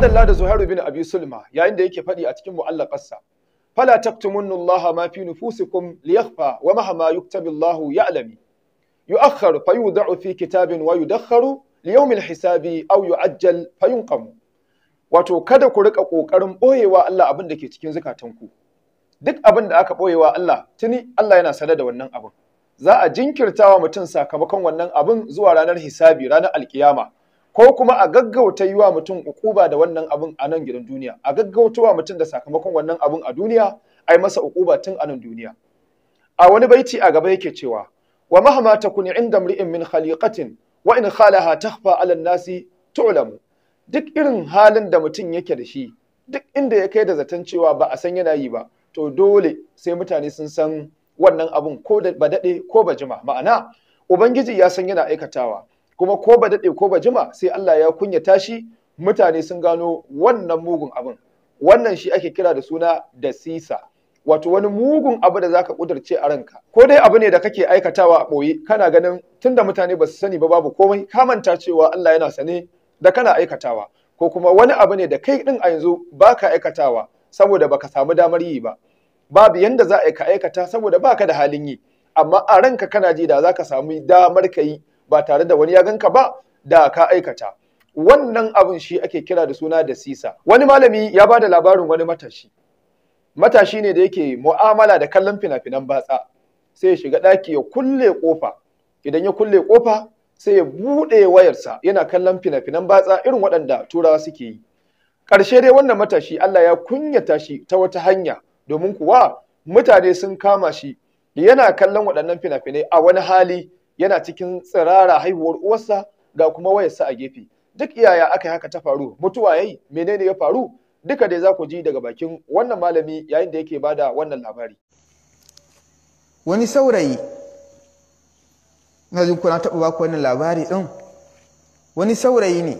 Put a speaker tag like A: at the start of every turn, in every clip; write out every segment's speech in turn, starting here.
A: adalla da Zuhairu bin Abi Sulma yayin da yake faɗi a cikin mu'allaqarsa fala taktumunna Allah ma fi nufusikum yakhfa wa mahama yuktabi Allah ya'lami yu'akhkharu fayud'u fi kitabin wa yudakharu li al hisabi aw yu'ajjal yunqam wato kada ku rika kokarin boyewa Allah abin da ke cikin zukatanku duk abin da aka boyewa Allah tuni Allah yana sanar da wannan abin za a jinkirtawa mutum sakamakon wannan abin zuwa ranar hisabi ranar alkiyama ko kuma a gaggauta yi wa mutum ukuba da wannan abin a nan gidan duniya a gaggauta wa mutum da sakamakon wannan abin a duniya ai masa ukuba tun a nan duniya a wani baiti a gaba yake cewa wa ta kuni inda mri'in min khaliqatin wa in khalaha takhfa 'ala nasi tu'lamu duk irin halin da mutum yake da shi duk inda ya kai da zaton cewa ba a san yana yi ba to dole sai mutane sun san wannan abun ko ba daɗe ko ba jima ma'ana ubangiji ya san yana aikatawa kuma ko ba daɗe ko ba jima sai Allah ya kunya tashi mutane sun gano wannan mugun abin wannan shi ake kira da suna da sisa wato wani mugun abu da zaka kudurce a ranka ko dai abu ne da kake aikatawa a ɓoye kana ganin tunda mutane ba su sani ba babu komai ka manta cewa Allah yana sane da kana aikatawa ko kuma wani abu ne da kai din a yanzu baka aikatawa saboda baka samu damar yi ba babu yanda za a ka aikata saboda baka da halin yi amma a ranka kana ji da zaka samu damar ka yi ba tare da wani ya ganka ba da ka aikata wannan abin shi ake kira da suna da sisa wani malami ya ba da labarin wani matashi matashi ne da yake mu'amala da kallon fina-finan batsa sai ya shiga ɗaki ya kulle ƙofa idan ya kulle kofa, sai ya buɗe wayarsa yana kallon fina-finan batsa irin waɗanda turawa suke yi ƙarshe dai wannan matashi Allah ya kunyata shi ta wata hanya domin kuwa mutane sun kama shi yana kallon waɗannan fina-finai a wani hali yana cikin tsirara haihuwar uwarsa ga kuma wayarsa a gefe duk iyaya aka yi haka ta faru mutuwa yayi menene ya faru duka dai za ku ji daga bakin wannan malami yayin da yake bada wannan labari
B: wani saurayi na zuku na taɓa baku wannan labari ɗin wani saurayi ne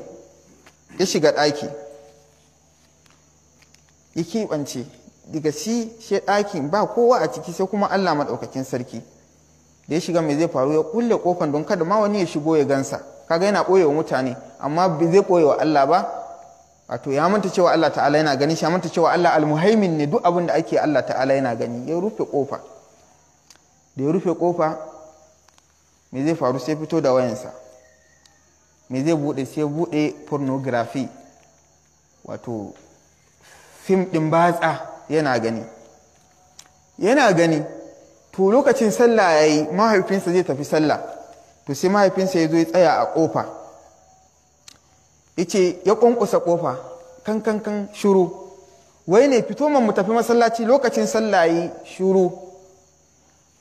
B: ya shiga ɗaki ya keɓance daga shi shi ɗakin ba kowa a ciki sai kuma allah maɗaukakin sarki da ya shiga mai zai faru ya kulle kofan don kada ma wani ya shigo ya gansa kaga yana ɓoye wa mutane amma zai ɓoye wa Allah ba wato ya manta cewa Allah ta'ala yana gani shi ya manta cewa Allah almuhaimin ne duk abin da ake Allah ta'ala yana gani ya rufe kofa da ya rufe kofa me zai faru sai fito da wayansa me zai bude sai bude pornography wato fim din batsa yana gani yana gani to lokacin sallah ya yi mahaifinsa zai tafi sallah to sai mahaifinsa ya zo ya tsaya a ƙofa ya ce ya ƙwanƙusa kofa kan shuru wai ne fito man mu tafi masallaci lokacin sallah ya yi shuru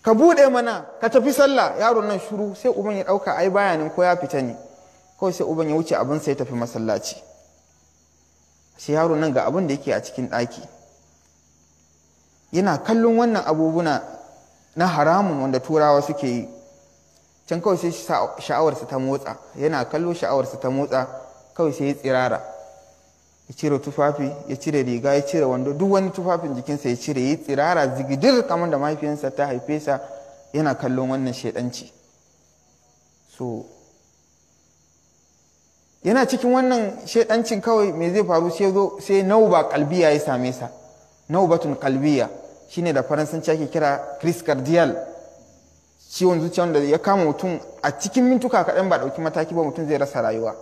B: ka buɗe mana ka tafi sallah yaron nan shuru sai uban ya ɗauka ai bayanin ko ya fita ne kawai sai uban ya wuce abinsa ya tafi masallaci sai yaro nan ga abin da yake a cikin ɗaki yana kallon wannan abubuwa na haramun wanda turawa suke yi can kawai sai sha'awarsa ta motsa yana kallo sha'awarsa ta motsa kawai sai ya tsirara ya cire tufafi ya cire riga ya cire wando duk wani tufafin jikinsa ya cire ya tsirara zigidir kamar da mahaifiyarsa ta haife sa yana kallon wannan shaidanci so yana cikin wannan shaidancin kawai me zai faru sai zo sai nauba kalbiya ya same sa naubatun kalbiya shine da faransanci ake kira cris cardial ciwon zuciya wanda ya kama mutum a cikin mintuka kaɗan ba ɗauki mataki ba mutum zai rasa rayuwa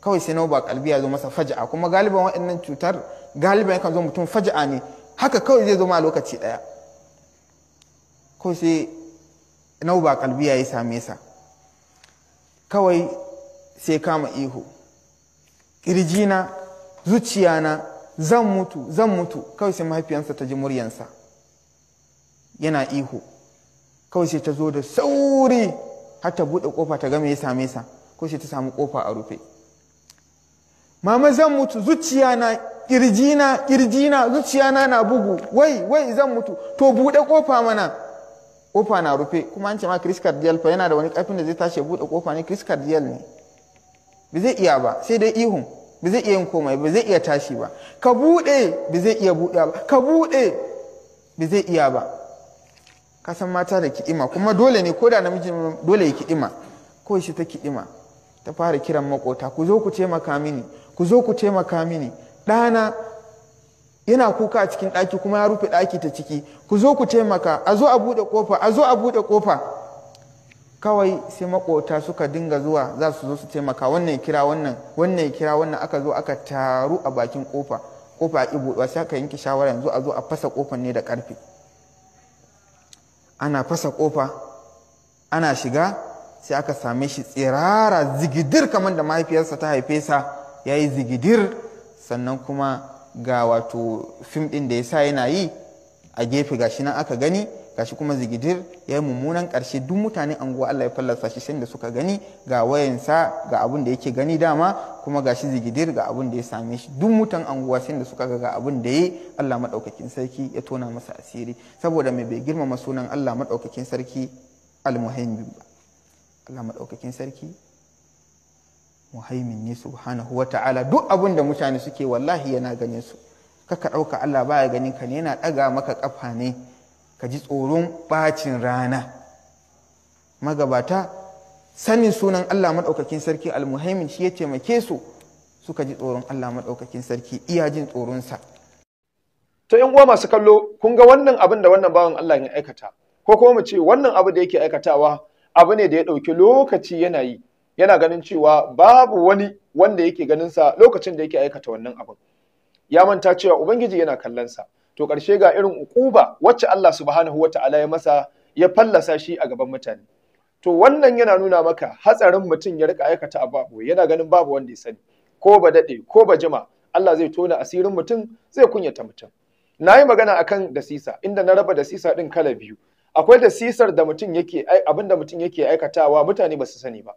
B: kawai sai ba kalbi ya zo masa faja'a kuma galiban waɗannan cutar galiban yakan zo mutum faja'a ne haka kawai zai zo ma lokaci ɗaya kawai sai ba kalbi ya yi same sa kawai sai kama ihu ƙirjina zuciyana zan mutu zan mutu kawai sai mahaifiyansa ta ji muryansa yana iho kawai sai ta zo da sauri har ta buɗe kofa ta game ya same sa ko sai ta samu kofa a rufe mama zan mutu zuciya na kirji na zuciya na na bugu wai wai zan mutu to buɗe ƙofa mana ƙofa na rufe kuma an ce ma chris cardial fa yana da wani kafin da zai tashi buɗe ƙofa ne chris cardial ne ba zai iya ba sai dai ihun ba zai iya yin komai ba zai iya tashi ba ka buɗe ba zai iya buɗe ba ka buɗe ba zai iya ba ka san mata da kiɗima kuma dole ne ko da namiji dole ya kiɗima ko shi ta kiɗima ta fara kiran makota ku zo ku taimaka mini ku zo ku taimaka mini ɗana yana kuka a cikin ɗaki kuma ya rufe ɗaki ta ciki ku zo ku taimaka a zo a buɗe ƙofa a zo a buɗe ƙofa kawai sai makota suka dinga zuwa za su zo su taimaka wannan ya kira wannan wannan ya kira wannan aka zo aka taru a bakin ƙofa ƙofa a ƙi buɗewa sai aka yanke shawara yanzu a zo a fasa ƙofar ne da ƙarfe ana fasa kofa ana shiga sai aka same shi tsirara zigidir kamar da mahaifiyarsa ta haife sa ya yi zigidir sannan kuma ga wato fim ɗin da ya sa yana yi a gefe gashi nan aka gani gashi kuma zigidir ya yi mummunan ƙarshe duk mutanen anguwa Allah ya fallasa shi sai da suka gani ga wayansa ga abin da yake gani dama kuma gashi zigidir ga abin da ya same shi duk mutan anguwa sai da suka ga ga abin da ya Allah madaukakin sarki ya tona masa asiri saboda mai bai girmama sunan Allah madaukakin sarki almuhaimin ba Allah madaukakin sarki muhaimin ne subhanahu wata'ala duk abun da mutane suke wallahi yana ganin su kaka ɗauka Allah baya ganin ka ne yana ɗaga maka kafa ne ka ji tsoron bacin rana magabata sanin sunan Allah maɗaukakin sarki almuhaimin shi ya taimake su suka ji tsoron Allah maɗaukakin sarki iya jin tsoronsa.
A: To ‘yan uwa masu kallo, kun ga wannan abin da wannan bawan Allah ya aikata, ko kuma mu ce wannan abu da yake aikatawa abu ne da ya ɗauki lokaci yana yi, yana ganin cewa babu wani wanda yake ganin sa lokacin da yake aikata wannan abin. Ya manta cewa Ubangiji yana kallonsa. to ƙarshe ga irin ukuba wacce Allah subhanahu ta'ala ya masa ya fallasa shi a gaban mutane to wannan yana nuna maka hatsarin mutum ya rika aikata abu yana ganin babu wanda ya sani ko ba dade ko ba jima Allah zai tona asirin mutum zai kunyata mutum na yi magana akan dasisa inda na raba dasisa din kala biyu akwai dasisar da mutum yake abin da mutum yake aikatawa mutane ba su sani ba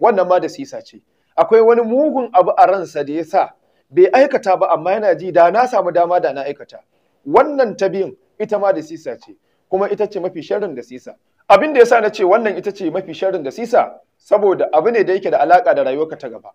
A: wannan ma dasisa ce akwai wani mugun abu a ransa da ya sa bai aikata ba amma yana ji da na samu dama da na aikata wannan ta biyun ita ma da sisa ce kuma ita ce mafi sharrin da sisa abin da yasa na ce wannan ita ce mafi sharrin da sisa saboda abu ne da yake da alaka da rayuwarka ta gaba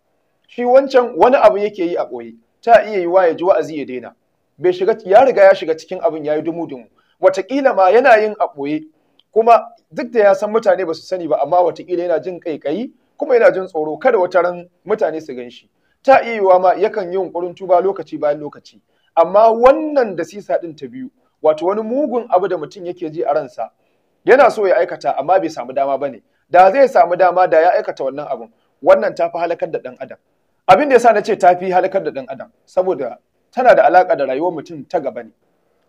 A: shi wancan wani abu yake yi a ɓoye ta iya yi wa ya ji wa'azi ya daina bai shiga ya riga ya shiga cikin abin ya yi dumu dumu wataƙila ma yana yin a ɓoye kuma duk da ya san mutane ba su sani ba amma wataƙila yana jin ƙaiƙayi kuma yana jin tsoro kada wata ran mutane su gan shi ta iya yiwa ma yakan yi yunƙurin tuba lokaci bayan lokaci amma wannan da sisa ɗin ta biyu wato wani mugun abu da mutum yake ji a ransa yana so ya aikata amma bai samu dama ba ne. da zai samu dama da ya aikata wannan abun wannan tafi halakar da ɗan adam abin da yasa na ce tafi halakar da ɗan adam saboda tana da alaka da rayuwar mutum ta gaba ne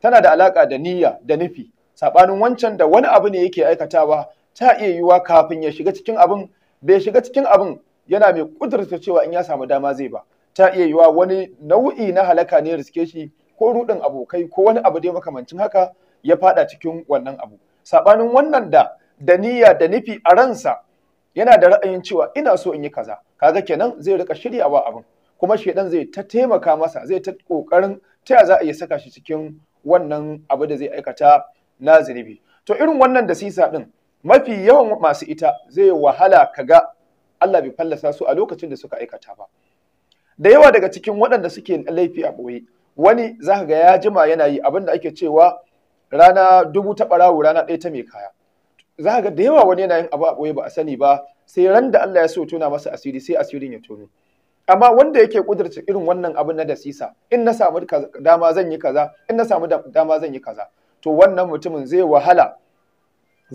A: tana da alaka da niyya da nufi Saɓanin wancan da wani abu ne yake aikatawa ta iya yiwuwa kafin ya shiga cikin abin bai shiga cikin abin yana mai kudurta cewa in ya samu dama zai ba ta iya yiwa wani nau'i na halaka ne riske shi ko rudin abokai ko wani abu dai makamancin haka ya fada cikin wannan abu sabanin wannan da da niyya da nufi a ransa yana da ra'ayin cewa ina so in yi kaza kaga kenan zai rika shiryawa abin kuma shedan zai ta taimaka masa zai ta kokarin ta za a iya saka shi cikin wannan abu da zai aikata na zunubi to irin wannan da sisa din mafi yawan masu ita zai wahala kaga Allah bai fallasa su a lokacin da suka aikata ba da yawa daga cikin waɗanda suke laifi a ɓoye wani za ka ga ya jima yana yi abin da ake cewa rana dubu ta ɓarawo rana ɗaya ta mai kaya za ka ga da yawa wani yana yin abu a ɓoye ba a sani ba sai ran da Allah ya so tona masa asiri sai asirin ya tono amma wanda yake kudurce irin wannan abin na dasisa in na samu dama zan yi kaza in na samu dama zan yi kaza to wannan mutumin zai wahala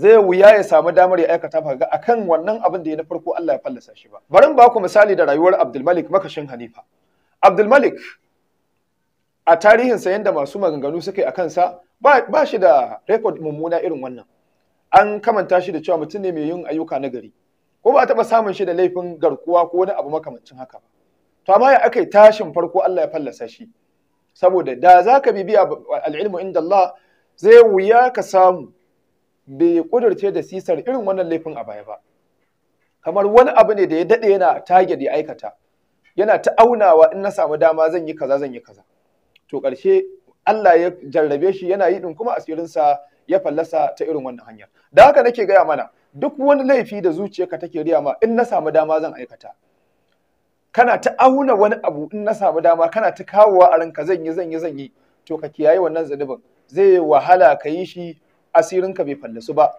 A: zai wuya ya samu damar ya aikata ba akan wannan abin da ya na farko Allah ya fallasa shi ba bari ba ku misali da rayuwar Abdulmalik makashin Hanifa Abdulmalik a tarihin tarihinsa yadda masu maganganu suka yi a kansa ba shi da rekod mummuna irin wannan an kamanta shi da cewa mutum ne mai yin ayyuka na gari ko ba a taɓa samun shi da laifin garkuwa ko wani abu makamancin haka ba to amma ya aka tashin farko Allah ya fallasa shi saboda da za ka bibiya al'ilmu inda Allah zai wuya ka samu bai kudurce da sisar irin wannan laifin a baya ba kamar wani abu ne da ya daɗe yana tage ya aikata yana ta aunawa in na samu dama zan yi kaza zan yi kaza to ƙarshe Allah ya jarrabe shi yana yi ɗin kuma asirinsa ya fallasa ta irin wannan hanyar da haka nake gaya mana duk wani laifi da zuciyarka take riya ma in na samu dama zan aikata kana ta auna wani abu in na samu dama kana ta kawowa a ranka zan yi zan yi zan yi to ka kiyaye wannan zanubin zai wahala ka yi shi asirinka bai fallasu ba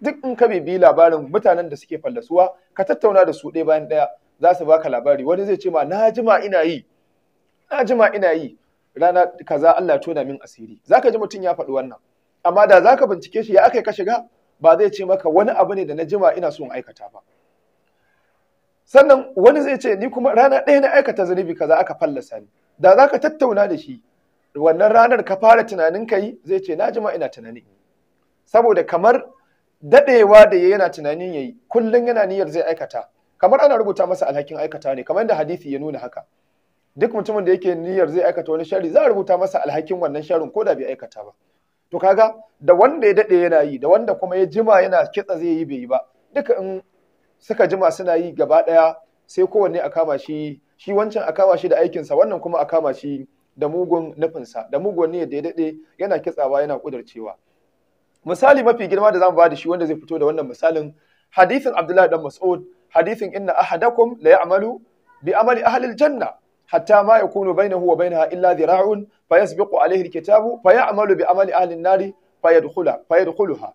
A: duk in ka bi labarin mutanen da suke fallasuwa ka tattauna da su ɗaya bayan ɗaya za su baka labari wani zai ce ma na jima ina yi na jima ina yi rana kaza Allah tona min asiri zaka ji mutum ya faɗi wannan amma da zaka bincike shi ya aka ka shiga ba zai ce maka wani abu ne da na jima ina son aikata ba sannan wani zai ce ni kuma rana ɗaya na aikata zunubi kaza aka fallasa ni da zaka tattauna da shi wannan ranar ka fara tunanin ka yi zai ce na jima ina tunani saboda kamar dadewa da yana tunanin ya yi, kullum yana niyyar zai aikata kamar ana rubuta masa alhakin aikata ne kamar da hadisi ya nuna haka duk mutumin da yake niyyar zai aikata wani shari za a rubuta masa alhakin wannan sharin ko da bai aikata ba to kaga da wanda ya dade yana yi da wanda kuma ya jima yana kitsa zai yi bai yi ba duka in suka jima suna yi gaba daya sai kowanne a kama shi shi wancan a kama shi da aikinsa wannan kuma a kama shi da mugun nufinsa da mugun niyyar da ya dade yana kitsawa yana kudarcewa misali mafi girma da zamu bada shi wanda zai fito da wannan misalin hadithin Abdullahi dan Mas'ud hadithin inna ahadakum la ya'malu bi amali ahli aljanna hatta ma yakunu bainahu wa bainaha illa dhira'un fayasbiqu alayhi alkitabu fayamalu bi amali ahli an-nari fayadkhula fayadkhuluha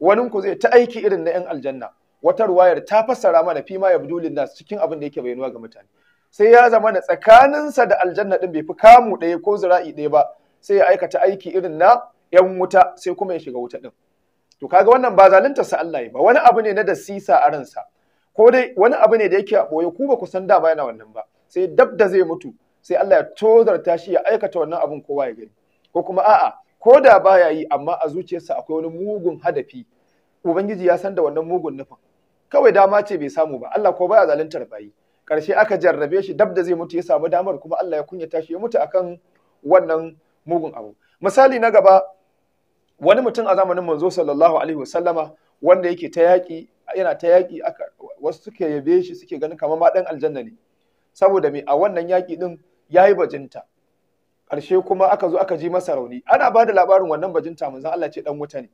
A: wanin ku zai ta aiki irin na yan aljanna wata ruwayar ta fassara mana fi ma yabdulin nas cikin abin da yake bayyana ga mutane sai ya zama na tsakaninsa da aljanna din bai fi kamu ɗaya ko zira'i ɗaya ba sai ya aikata aiki irin na 'yan wuta sai kuma ya shiga wuta ɗin. To kaga wannan ba zalunta sa Allah ba wani abu ne na da sisa a ransa ko dai wani abu ne da yake a ɓoye ku ba ku san da yana wannan ba sai dab da zai mutu sai Allah ya tozarta shi ya aikata wannan abun kowa ya gani ko kuma a'a ko da baya yi amma a zuciyarsa akwai wani mugun hadafi ubangiji ya san da wannan mugun nufin kawai dama ce bai samu ba Allah ko baya zaluntar bayi Ƙarshe aka jarrabe shi dab da zai mutu ya samu damar kuma Allah ya kunyata shi ya mutu akan wannan mugun abu misali na gaba wani mutum a zamanin manzo sallallahu alaihi wasallama wanda yake ta yaƙi yana ta yaƙi wasu suke yabe shi suke ganin kamar ma ɗan aljanna ne saboda me a wannan yaƙi ɗin ya yi bajinta ƙarshe kuma aka zo aka ji masa rauni ana ba da labarin wannan bajinta zan Allah ce ɗan wuta ne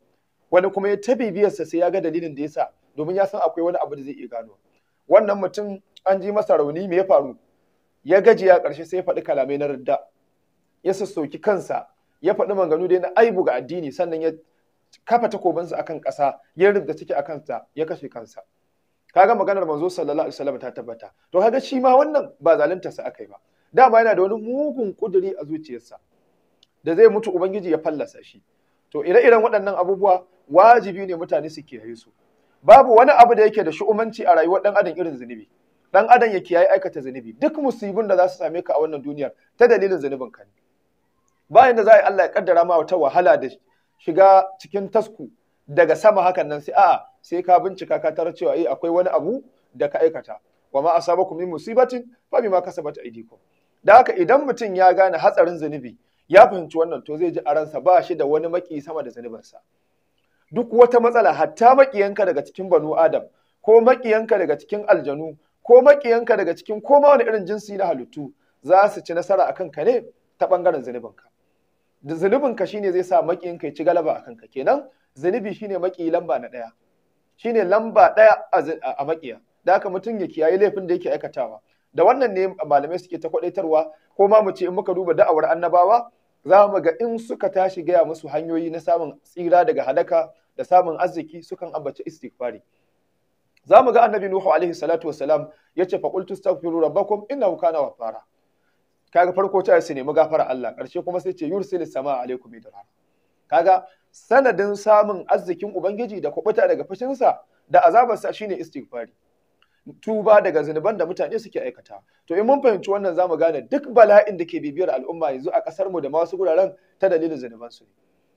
A: wani kuma ya ta bibiyarsa sai ya ga dalilin da ya sa domin ya san akwai wani abu da zai iya gano wannan mutum an ji masa rauni me ya faru ya gaji ya ƙarshe sai ya faɗi kalamai na radda ya sassauki kansa ya faɗi manganu dai na aibu ga addini sannan ya kafa takobinsa akan ƙasa ya rubda take akan ta ya kashe kansa Ka kaga maganar manzo sallallahu alaihi wasallam ta tabbata to kaga shi ma wannan ba zalunta sa akai ba dama yana da wani mugun kuduri a zuciyarsa da zai mutu ubangiji ya fallasa shi to ire-iren waɗannan abubuwa wajibi ne mutane su kiyaye su babu wani abu da yake da shu'umanci a rayuwar ɗan adam irin zunubi ɗan adam ya kiyaye aikata zunubi duk musibin da za su same ka a wannan duniyar ta dalilin zunubin ka ne bayan da za a yi Allah ya kaddara ma wata wahala da shiga cikin tasku daga sama hakan nan sai a'a sai ka bincika ka tarar cewa eh akwai wani abu da ka aikata wa ma asabakum min musibatin fa bima kasabat aydikum da haka idan mutum ya gane hatsarin zunubi ya fahimci wannan to zai ji a ransa ba shi da wani maki sama da sa duk wata matsala hatta makiyanka daga cikin banu adam ko makiyanka daga cikin aljanu ko makiyanka daga cikin koma wani irin jinsi na halittu za su ci nasara akan ka ne ta bangaren zunubinka zunubin ka shine zai sa makiyin ka ci galaba akan ka kenan zunubi shine maki lamba na daya shine lamba daya a makiya da haka mutum ya kiyaye laifin da yake aikatawa da wannan ne malamai suke ta kwadaitarwa ko ma mu ce in muka duba da'awar annabawa za mu ga in suka tashi gaya musu hanyoyi na samun tsira daga halaka da samun arziki sukan ambaci istighfari za mu ga annabi nuhu alaihi salatu wasalam ya ce faqultu astaghfiru rabbakum innahu kana wafara kaga farko ta su nemi gafara Allah ƙarshe kuma sai ce yursil sama alaikum Ka kaga sanadin samun arzikin ubangiji da kubuta daga fushinsa da azabarsa shine istighfari tuba daga zunuban da mutane suke aikata to in mun fahimci wannan zamu gane duk bala'in da ke bibiyar al'umma yanzu a kasar mu da masu guraren ta dalilin zunuban su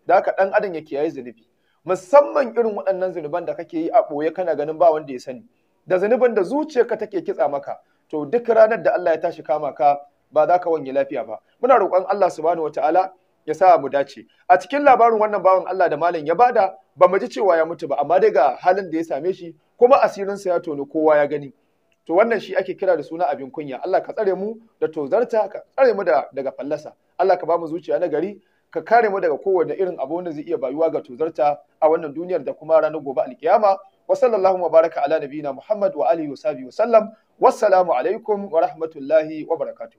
A: da haka dan adam ya yayi zunubi musamman irin waɗannan zunuban da kake yi a ɓoye kana ganin ba wanda ya sani da zunubin da zuciyarka take kitsa maka to duk ranar da Allah ya tashi kama ka ba za ka wanye lafiya ba muna roƙon Allah subhanahu wataala ya sa mu dace a cikin labarin wannan bawan Allah da malam ya bada ba mu ji cewa ya mutu ba amma dai ga halin da ya same shi kuma sa ya tono, kowa ya gani to wannan shi ake kira da suna abin kunya Allah ka tsare mu da tozarta ka tsare mu da daga fallasa Allah ka ba mu zuciya na gari ka kare mu daga kowane irin abu wanda zai iya bayuwa ga tozarta a wannan duniyar da kuma ranar gobe alkiyama wa sallallahu wa baraka ala nabiyina Muhammad wa alihi wa sahbihi wa sallam wassalamu alaikum wa rahmatullahi wa barakatuh